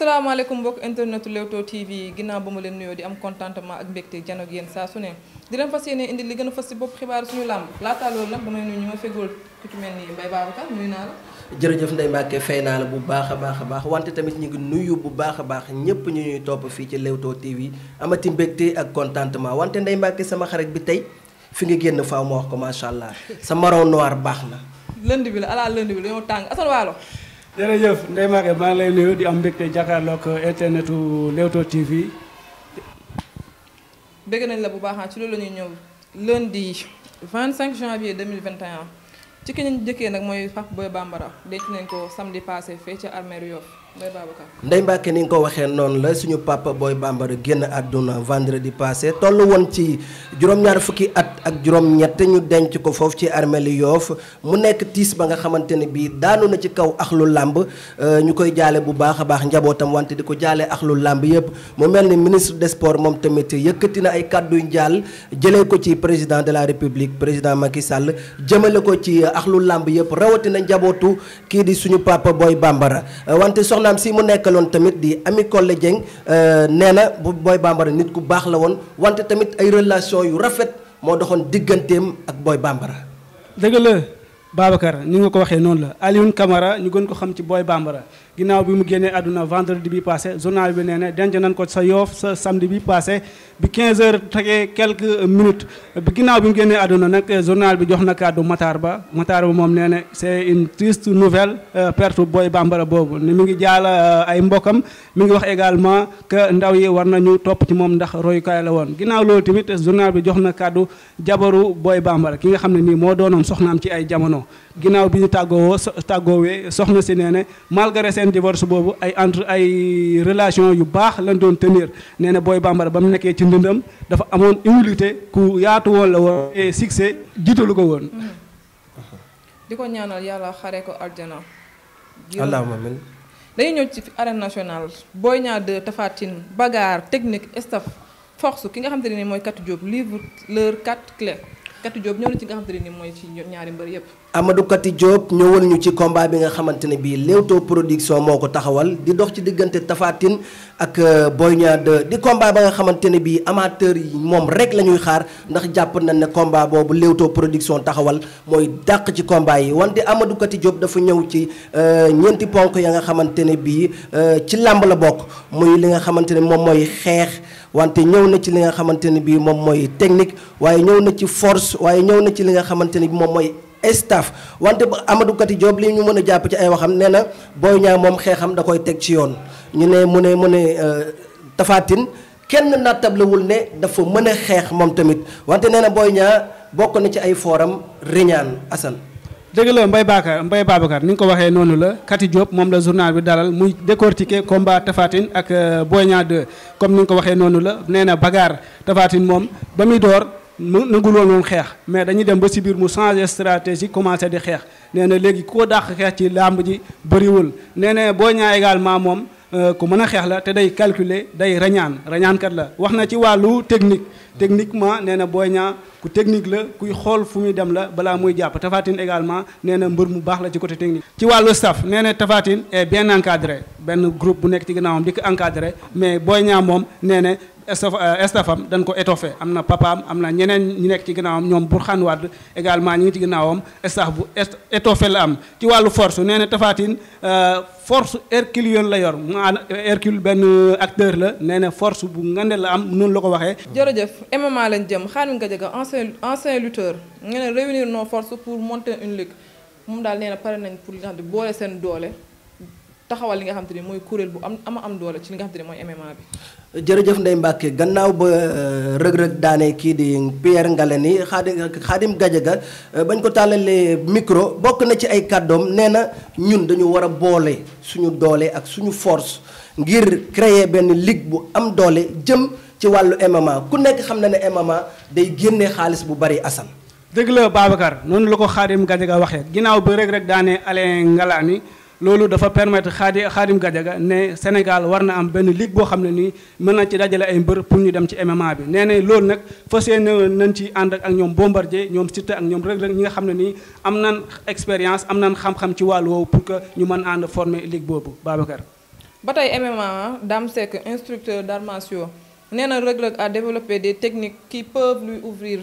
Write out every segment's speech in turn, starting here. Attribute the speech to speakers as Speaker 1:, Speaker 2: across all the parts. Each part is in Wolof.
Speaker 1: salaamaaleykum mbokk internet Leewtoo TV ginnaaw ba ma leen nuyoo di am contentement ak mbégte jano ak yéen saa su ne di leen fas yéene indi li gën a fas si bopp xibaar suñu làmb laataa loolu nag damay nuyu ñu ma fegool mel ni Mbaye Babacar nuyu naa la.
Speaker 2: jërëjëf Ndeye fay naa la bu baax a baax a baax wante tamit ñu ngi nuyu bu baax a baax ñëpp ñu ñuy topp fii ci Leewtoo TV amati mbégte ak contentement wante Ndeye Mbacke sama xarit bi tey fi nga génn faaw ma wax ko macha allah sa marron baax na. lënd bi la alaal lënd bi la dañoo tàng Assane Waalo jërëjëf Ndeye Maguette maa ngi lay nuyu di am mbégte jàkkaarloog
Speaker 3: internetu Leewtoo TV.
Speaker 1: bëgg nañ la bu baax ci loolu la ñuy ñëw lundi 25 janvier 2021 ci ki ñu njëkkee nag mooy Fatou Boy Bambara denc nañ ko samedi passé fee ca armeeru Yoff
Speaker 2: Ndeye Mbacke ni nga ko waxee noonu la suñu papa Boy Bambara génn àdduna vendredi passé toll woon ci juróom-ñaar fukki at ak juróom-ñett ñu denc ko foofu ci armeli yoof mu nekk tiis ba nga xamante ne bii daanu na ci kaw axlu làmb euh, ñu koy jaale bu baax a baax njabootam wante di ko jaale axlu làmb yëpp mu mel ni ministre des sports moom tamit yëkkati na ay kàddu njaal jëlee ko ci président de la république président Macky Sall jëmale ko ci axlu làmb yëpp rawatina njabootu kii di suñu papa Boy Bambara euh, soxnaam si mu nekkaloon tamit di Ami Collé Dieng euh, nee na bu booy Bambara nit ku baax la woon wante tamit ay relation yu rafet moo doxoon digganteem ak booy Bambara. dëgg la
Speaker 3: ni nga ko waxee noonu la Alioune kamara ñu gën ko xam ci booy Bambara. ginnaaw bi mu génnee àdduna vendredi bi passé journal bi nee na denc nañ ko sa yoof sa samedi bi passé bi 15 heures tegee quelques minutes bi ginnaaw bi mu génnee àdduna nag journal bi jox na kàddu Matar Ba Matar Ba moom nee na c'est une triste nouvelle euh, perte Boy Bambara boobu ni mu ngi jaal euh, ay mbokkam mu ngi wax également que ndaw yi war nañu topp ci moom ndax royukaay la woon ginnaaw loolu tamit journal bi jox na kàddu jabaru booy Bambara ki nga xam ne nii moo doonoon soxnaam ci ay jamono ginnaaw bi seen divorce boobu ay entre ay relation yu baax lañ doon tenir nee na Boy Bambara ba mu nekkee ci ndëndam dafa amoon humilité ku yaatu woon la woon et jiitalu ko woon.
Speaker 1: di ko ñaanal yàlla xare ko aljana. allahumma amin dañuy ñëw ci arène nationale Boy Niang 2 Tapha Tine technique staff force ki nga xam te ne mooy Katy Diop livre leur quatre clés. Kati Diop ñëw na ci mooy ci ñaari mbër yëpp.
Speaker 2: Amadou Kati Diop ñëwal ñu ci combat bi nga xamante ne bii Leewtoo production moo ko taxawal di dox ci diggante tafaatin ak euh, Boy Niang 2 di combat ba nga xamante ne bii amateur yi moom rek la ñuy xaar ndax jàpp nañ ne combat boobu Leewtoo production taxawal mooy dàq ci combat yi wante Amadou jóob dafa ñëw ci euh, ñeenti ponk ya nga xamante ne bii euh, ci làmb la bokk muy li nga xamante ne moom mooy xeex. wante ñëw na ci li nga xamante ne bii moom mooy technique waaye ñëw na ci force waaye ñëw na ci li nga xamante ne bii moom mooy estaf wante Amadou Kati Diop li ñu mën a jàpp ci ay waxam nee na Boy Niang moom xeexam da koy teg ci yoon ñu ne mu ne mu ne euh, Tapha Tine kenn nattablewul ne dafa mën a xeex moom tamit wante nee na Boy Niang bokk na ci ay fooram riñaan Assane dëgg la mbay Bakar
Speaker 3: mbay Babacar ni nga ko waxee noonu la Kati Diop moom la journal bi dalal muy décortiquer combat Tapha ak euh, Boy Niang comme ni nga ko waxee noonu la nee na bagaar Tapha moom ba muy door mu nangu loolu xeex mais dañuy dem ba si biir mu changer stratégie commencé di xeex nee na léegi ko dàq xeex ci làmb ji bëriwul nee na Boy Niang également moom. Euh, ku mën a xeex la te day calculer day rañaan rañaankat la wax na ci wàllu technique techniquement nee na Boy ñaa ku technique la kuy xool fu muy dem la balaa muy jàpp Tapha également nee na mbër mu baax la ci côté technique ci wàllu staff nee na Tapha Tine est encadré benn groupe bu nekk ci ginnaawam di ko encadré mais Boy ñaa moom nee na staf euh, stafam dañ ko étoffé am na papaam am na ñeneen ñu nekk ci am ñoom Burkhane Wade également ñu ngi ci ginnaawam staf bu étoffé la am ci wàllu force nee na Tapha Tine euh, force herculéenne la yor maanaam Hercule benn euh, acteur la nee na force bu ngande la am noonu la ko waxee.
Speaker 1: jërëjëf MMA lañ jëm Khadim Gadiaga ancien ancien lutteur nga ne réunir nos force pour monter une ligue moom daal nee na pare nañ pour li nga boole seen doole. taxawal li nga xam te ne mooy kuréel bu am ama am doole ci li nga xam te ne mooy MMA bi.
Speaker 2: jërëjëf Ndeye Mbacke gannaaw ba euh, rëg-rëg daane kii di Pierre Ngalani Khadim Khadim Gadiaga euh, bañ ko tàllalee micro bokk na ci ay kàddoom nee na ñun dañu war a boole suñu doole ak suñu force ngir créer benn ligue bu am doole jëm ci wàllu MMA ku nekk xam na ne MMA day génne xaalis bu bari Assane.
Speaker 3: dëgg la Babacar noonu la ko Khadim Gadiaga waxee ginnaaw ba rëg-rëg daane Alain Ngalani. loolu dafa permettre xaadi xaadim Gadiaga ne Sénégal war na am benn ligue boo xam ne nii mën na ci dajale ay mbër pour ñu dem ci MMA bi nee na loolu nag fas yéene nañ ci ànd ak ñoom Bombardier ñoom Siteu ak ñoom Reug Reug ñi nga xam ne nii am nan expérience am nan xam ci wàllu woowu pour ñu mën ànd former ligue boobu Babacar.
Speaker 1: ba tey MMA Dame Seck instructeur d'arts martiaux nee na Reug Reug a développé des techniques qui peuvent lui ouvrir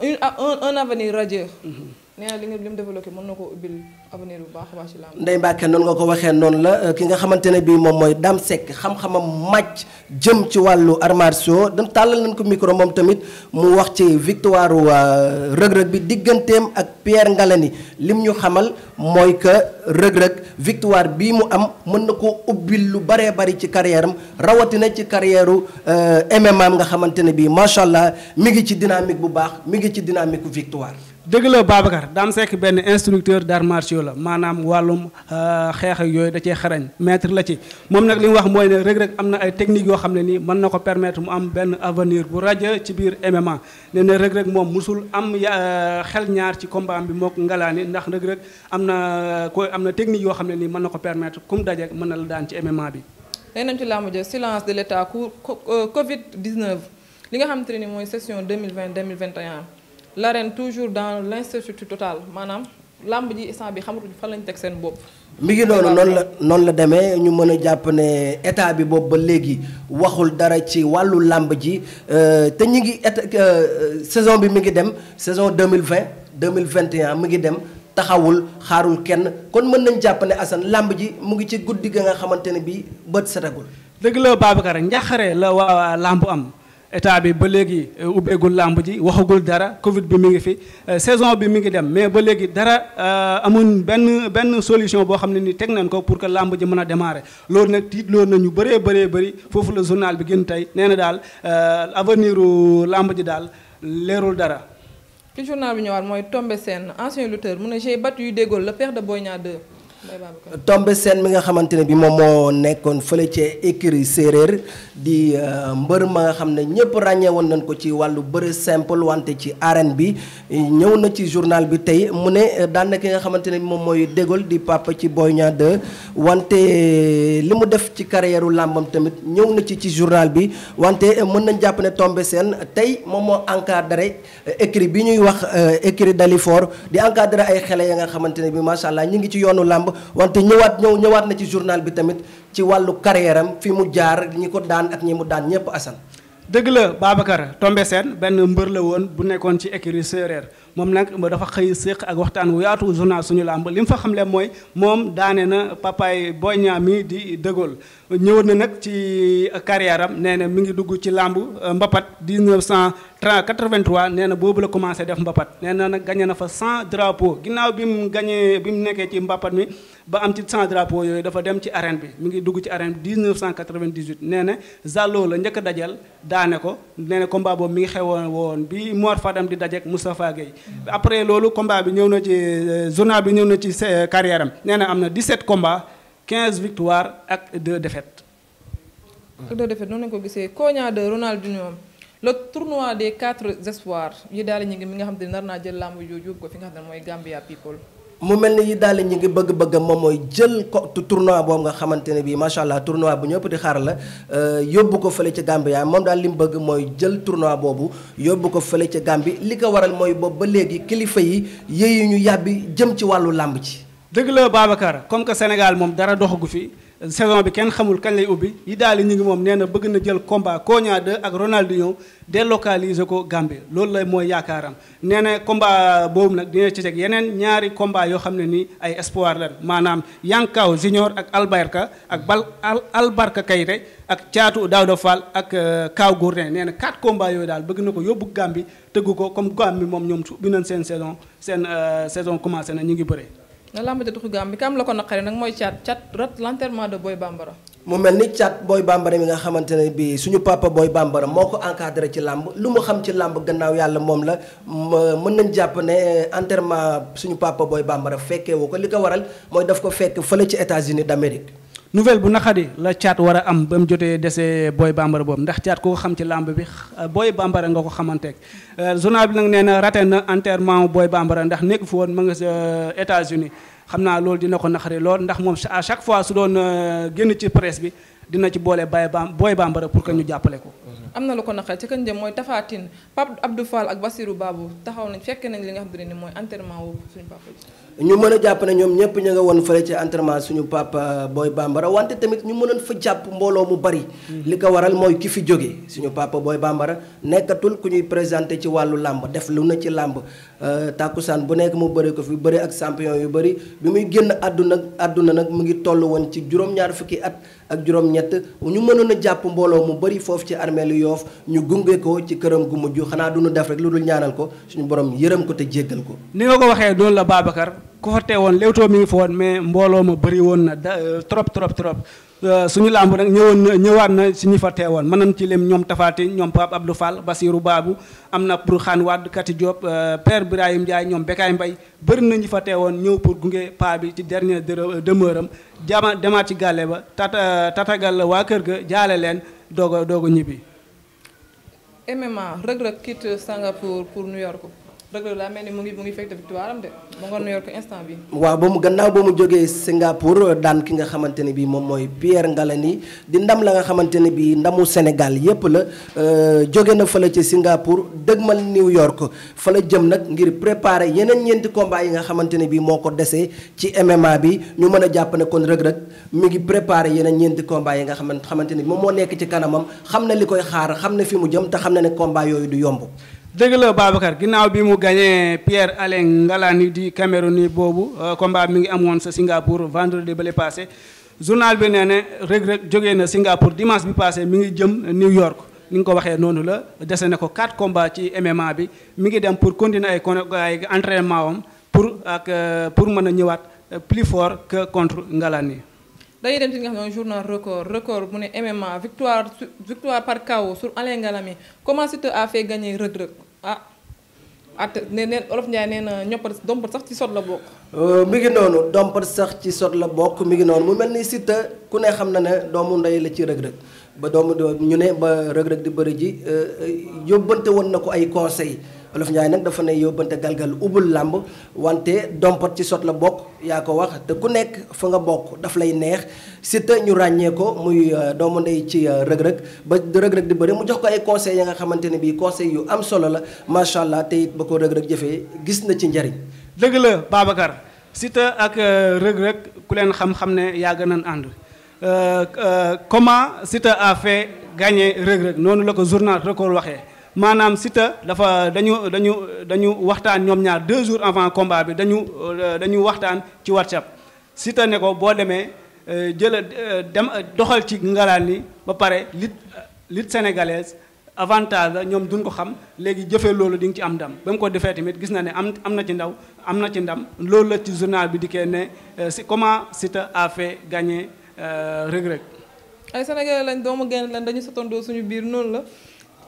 Speaker 1: un un avenir radieux. Mm-hmm. nee na li nga li mu développé mën na ko ubbil. avenir bu baax a baax ci làmb.
Speaker 2: Ndeye Mbacke noonu nga ko waxee noonu la ki nga xamante ne bii moom mooy Dame Seck xam-xamam màcc jëm ci wàllu arts da tàllal nañ ko micro moom tamit mu wax ci victoire euh, rëg-rëg bi digganteem ak Pierre Ngalani lim ñu xamal mooy que rëg-rëg victoire bii mu am mën na ko ubbil lu baree bari ci carrière am rawatina ci carrière euh, MMA nga xamante ne bii macha allah mi ngi ci dynamique bu baax mi ngi ci dynamique victoire.
Speaker 3: dëgg la Babacar Dame Seck benn instructeur d'arts la maanaam wàllum euh, xeex ak yooyu da cee xarañ metre la ci moom nag li mu wax mooy ne Reug Reug am na ay techniques yoo xam ne nii mën na ko permettre mu am benn avenir bu rajo biir MMA nee na Reug moom musul am euh, xel ñaar ci combat bi mook ngalaani ndax Reug am na euh, ko am na technique yoo xam ne nii mën na ko permettre kum daje mën na la daan ci MMA bi.
Speaker 1: tey nañ ci làmb ja silence de l'état Covid 19 li nga xamante ne mooy session 2020 2021. l'arène toujours dans l'incertitude total maanaam làmb ji instant bi xamatuñu fan lañ teg seen bopp.
Speaker 2: mi ngi noonu noonu la noonu la demee ñu mën a jàpp ne état bi boobu ba léegi waxul dara ci wàllu làmb ji euh, te ñu ngi euh, saison bi mi ngi dem saison deux mille mille vingt vingt 2021 mi ngi dem taxawul xaarul kenn kon mën nañ jàppane ne làmb ji mu ngi ci guddi ga nga xamante ne bii bët setagul. dëgg la Babacar njaxare la waa làmbu am. état bi ba léegi euh, ubbeegul làmb
Speaker 3: ji waxagul dara Covid bi mi ngi fi euh, saison bi mi ngi dem mais ba léegi dara euh, amuñ benn benn solution boo xam ne ni teg nañ ko pour que làmb ji mën a démarrer loolu nag tiit na ñu bëree bëree bëri foofu la journal bi génn tey nee na daal avenir u làmb ji daal
Speaker 2: leerul dara.
Speaker 1: ki journal bi ñëwaat mooy Tombé Sène ancien lutteur mu ne j'ai battu yu déggoon le père de Boy Niang 2
Speaker 2: Tombé Sène mi nga xamante ne bi moom moo nekkoon fële ci écurie séeréer di euh, mbër ma nga xam ne ñëpp ràññeewoon nañ ko ci wàllu bëre simple wante ci arène bi ñëw na ci journal bi tey mu ne euh, daanaka ki nga xamante ne bi moom mooy dégal di papa ci Boy Niang 2 wante euh, li mu def ci carrièreu làmbam tamit ñëw na ci ci journal bi wante mën nañ jàpp ne Tombé Sène tey moom moo encadré écurie bi ñuy wax écurie Dalifor di encadré ay xale ya nga xamante ne bi macha allah ñu ngi ci yoonu làmb làmb wante ñëwaat ñëw ñëwaat na ci journal bi tamit ci wàllu carrière am fi mu jaar ñi ko daan ak ñi mu daan ñëpp asan
Speaker 3: dëgg la Babacar Tombe Sène benn mbër la woon bu nekkoon ci écurie séeréer moom nag dafa xëy séq ak waxtaan wu yaatu journal suñu làmb li mu fa xamle mooy moom daane na papaay Boy Niang mi di De Gaulle ñëwoon na nag ci carrière am nee na mi ngi dugg ci làmb mbapat 1900 tra 83 nee na boobu la commencé def mbapat nee na nag gagné na fa 100 drapeaux ginnaaw bi mu gagné bi mu nekkee ci mbapat mi ba am ci 100 drapeaux yooyu dafa dem ci arène bi mi ngi dugg ci arène bi 1998 nee na Zallo la njëkk a dajal daane ko nee na combat boobu mi ngi xewoon woon bi Mor Fadam di dajeek Moustapha Gueye après loolu combat bi ñëw na ci euh, journal bi ñëw na ci euh, carrière am nee na am na 17 combats 15 victoires ak 2 défaites.
Speaker 1: ak 2 défaites noonu lañu ko gisee Koña de Ronaldinho. le tournoi des quatre espoirs yi daal ñu ngi mi nga xam ne nar naa jël làmb yooyu yóbbu ko fi nga xam ne mooy Gambia people.
Speaker 2: mu mel ni yi daal ñu ngi bëgg-bëgg moom mooy jël ko tournoi boobu nga xamante ne bii macha allah tournoi bu ñëpp di xaar la euh, yóbbu ko fële ca Gambia moom daal li mu bëgg mooy jël tournoi boobu yóbbu ko fële ca Gambie li ko waral mooy boobu ba léegi kilifa yi yéeyu ñu yàbbi jëm ci wàllu làmb ci
Speaker 3: dëgg la Babacar comme que Sénégal moom dara doxagu fi. saison bi kenn xamul kañ lay ubbi yi daal ñu ngi moom nee na bëgg na jël combat Konia 2 ak Ronaldinho délocaliser ko Gambie loolu lay mooy yaakaaram nee na combat boobu nag dina ci teg yeneen ñaari combat yoo xam ne nii ay espoir lan maanaam Yankaw Junior ak Albarka ak Bal Albarka Kayre ak Caatu Daouda Fall ak euh, Kaw Gourdin nee na quatre combats yooyu daal bëgg na ko yóbbu Gambie tëgg ko comme Gambie moom ñoom su ubbi nañ seen saison seen euh, saison commencé na ñu ngi bëre.
Speaker 1: nga làmbati duxu gaam bi ka am la ko naqari nag mooy caat caat rat l'enterrement de Boy Bambara.
Speaker 2: mu mel ni caat Boy Bambara mi nga xamante ne suñu papa booy Bambara moo ko encadré ci làmb lu mu xam ci làmb gannaaw yàlla moom la mën nañ jàpp ne eh, enterment suñu papa booy Bambara fekkee woo ko li ko waral mooy daf ko fekk fële ci États-Unis d'Amérique.
Speaker 3: nouvelle bu naqadi la caat war a am ba mu jotee dese booy bambara boobu ndax caat koo xam ci làmb bi booy bambara nga ko xamanteeg euh, journal bi nag nee na raté na enterrement booy bambara ndax nekk fi woon ma nga euh, états xam naa loolu dina ko naqari lool ndax moom à chaque fois su doon euh, génn ci presse bi dina ci boole bay ba booy bambara pour que ñu jàppale ko.
Speaker 1: am na lu ko naqari ci kan jëm mooy Tafatine Pape Abdou Fall ak Basirou Babou taxaw nañ fekk nañ li nga xam ne ni mooy enterrement wu suñu papa ji
Speaker 2: ñu mën a jàpp na ñoom ñëpp ñu nga woon fële ci entraînement suñu papa Boy Bambara wante tamit ñu mënoon fa jàpp mbooloo mu bari. Hmm. li ko waral mooy ki fi jóge suñu papa booy Bambara nekkatul ku ñuy présenté ci wàllu làmb def lu na ci làmb Euh, tàkkusaan bu nekk mu bëri ko fi bëri ak champion yu bëri bi muy génn àdduna àdduna nag mu ngi toll woon ci juróom-ñaar fukki at ak juróom-ñett ñu mënoon a jàpp mbooloo mu bëri foofu ci armeelu Yoof ñu gunge ko ci këram gu mujj xanaa du nu def rek lu dul ñaanal ko suñu borom yërëm ko te jéggal ko.
Speaker 3: ni nga ko waxee loolu la Babacar ku woon teewoon mu ngi fa woon mais mbooloo ma bëri woon na trop trop trop. Euh, suñu làmb nag ñëwoon na ñëwaat na si ñi fa teewoon mën nañ ci lim ñoom Tafaati ñoom Pape Abdou Fall basiiru baabu am na pour xaan Wade Kati Diop euh, Père Birahim Ndiaye ñoom Bekaay Mbay bëri na ñi fa teewoon ñëw pour gunge paa bi ci dernier euh, demeure am jama demaat ci gàlle ba tata tatagal waa kër ga jaale leen doog a ñibbi
Speaker 1: MMA Reug Reug quitte Singapour pour New Reug Reug mel ni mu ngi mu ngi fekk victoire am de mu nga New York instant bi
Speaker 2: waaw ba mu gannaaw ba mu jógee Singapour uh, daan ki nga xamante ne bii moom mooy Pierre Ngalani di ndam la nga xamante ne bii ndamu Sénégal yépp la uh, jóge na fële ci Singapour dëgmal New York fa la jëm nag ngir préparer yeneen ñeenti combat yi nga xamante ne bii moo ko desee ci MMA bi ñu mën a jàpp ne kon Reug Reug mi ngi préparer yeneen ñeenti combat yi nga xamante ne bii moom moo nekk ci kanamam xam na li koy xaar xam na fi mu jëm te xam na ne combat yooyu du yomb dëgg
Speaker 3: la Babacar ginnaaw bi mu gagné Pierre Alain Ngalani di Cameroun boobu euh, combat mi ngi amoon sa Singapour vendredi ba le passé journal bi nee ne Reug jógee na Singapour dimanche bi passé mi ngi jëm New York ni nga ko waxee noonu la dese ne ko 4 combats ci MMA bi mi ngi dem pour continuer ay con ay entraînement am pour ak euh, pour mën a ñëwaat plus fort que contre Ngalani.
Speaker 1: dañuy dem ci nga xam ne journal record record mu ne MMA victoire ah atte ne neen olof Ndiaye nee na ñoppat dompat sax ci sot la bokk.
Speaker 2: Euh, mi ngi noonu dompat sax ci sot la bokk mi ngi noonu mu mel ni Siteu ku ne xam na ne doomu ndey la ci rëg-rëg ba doomu ñu ne ba rëg-rëg di bëri ji euh, euh, yóbbante woon na ko ay conseil olof Ndiaye nag dafa ne yóbbante galgal ubul làmb wante dompat ci sot la bokk yaa ko wax te ku nekk fa nga bokk daf lay neex Siteu ñu ràññee ko muy euh, doomu ndey ci rëg-rëg ba rëg-rëg di bëri mu jox ko ay conseil ya nga xamante ne bii conseil yu am solo la macha allah te it ba ko rëg-rëg jëfee gis na ci njariñ dëgg la Babacar Siteu ak
Speaker 3: rëg-rëg ku leen xam-xam ne yàgg nañ ànd Euh, euh, comment Siteu a fait gagner Reug noonu la ko journal record waxee maanaam Siteu dafa dañu dañu dañu waxtaan ñoom ñaar deux jours avant combat bi dañu euh, dañu waxtaan ci WhatsApp Siteu ne ko boo demee jëla dem doxal ci ngalaan ni ba pare lit lit sénégalaise avantage ñoom dun ko xam léegi jëfee loolu di nga ci am ndam ba mu ko defee tamit gis naa ne am am na ci ndaw am na ci ndam loolu la ci journal bi dikkee ne si comment Siteu a fait gagner Euh, rëg-rëg.
Speaker 1: ay Sénégalais lañ doomu génn lañ dañu sotandoo suñu biir noonu la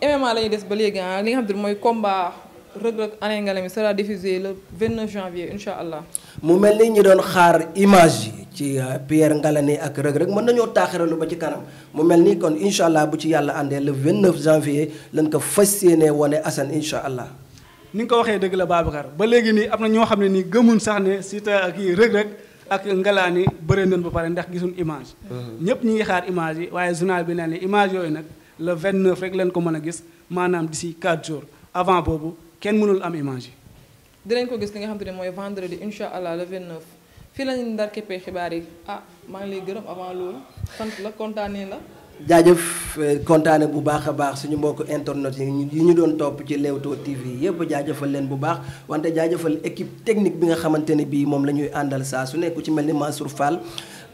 Speaker 1: MMA la ñu des ba léegi ah li nga xam ne mooy combat rëg-rëg année nga la mi sera diffusé le 29 janvier incha allah.
Speaker 2: mu mel ni ñu doon xaar image yi ci euh, Pierre Ngalani ak rëg-rëg mën nañoo taaxiralu ba ci kanam mu mel ni kon incha allah bu ci yàlla àndee le 29 janvier lañ ko fas yéenee wane Assane incha allah.
Speaker 3: ni nga ko waxee dëgg la Babacar ba léegi nii am na ñoo xam ne nii gëmuñ sax ne Siteu ak kii rëg ak ngalaani bëri nañ ba pare ndax gisuñ image ñëpp ñu ngi xaar image yi waaye journal bi nee ne image yooyu nag vingt 29 rek leen ko mën a gis maanaam d'ici 4 jours avant boobu kenn mënul am image yi
Speaker 1: dinañ ko gis li nga xam te ne mooy vendredi incha allah le 29 fii lañ ndar képpee xibaar yi ah maa ngi lay gërëm avant loolu sant la kontaanee la
Speaker 2: jaajëf eh, kontaane bu baax a baax suñu mbokk internet yi ñu doon topp ci Leewtoo TV yëpp jaajëfal leen bu baax wante jaajëfal équipe technique bi nga xamante ne bii moom la ñuy àndal saa su nekku ci mel ni Mansour Fall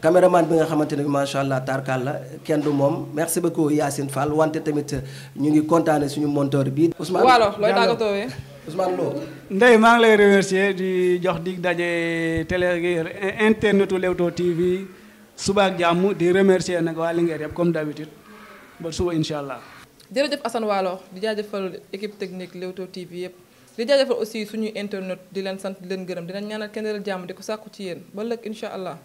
Speaker 2: caméraman bi nga xamante ne bi macha allah tarkal la kenn du moom merci beaucoup Yacine Fall wante tamit ñu ngi kontaane suñu monteur bi Ousmane Waalo looy tàggatoowee Ousmane Lo Ndeye
Speaker 3: maa ngi lay remercier di jox dig daje télé internetu Leewtoo TV suba ak jàmm di remercier nag waa Linguère yëpp comme d'habitude ba suba incha allah.
Speaker 1: jërëjëf Assane Waalo di jaajëfal équipe technique Leewtoo TV yëpp di jaajëfal aussi suñuy internet di leen sant leen gërëm dinañ ñaanal kenn jàmm di ko sàkku ci yéen ba lëkk incha allah.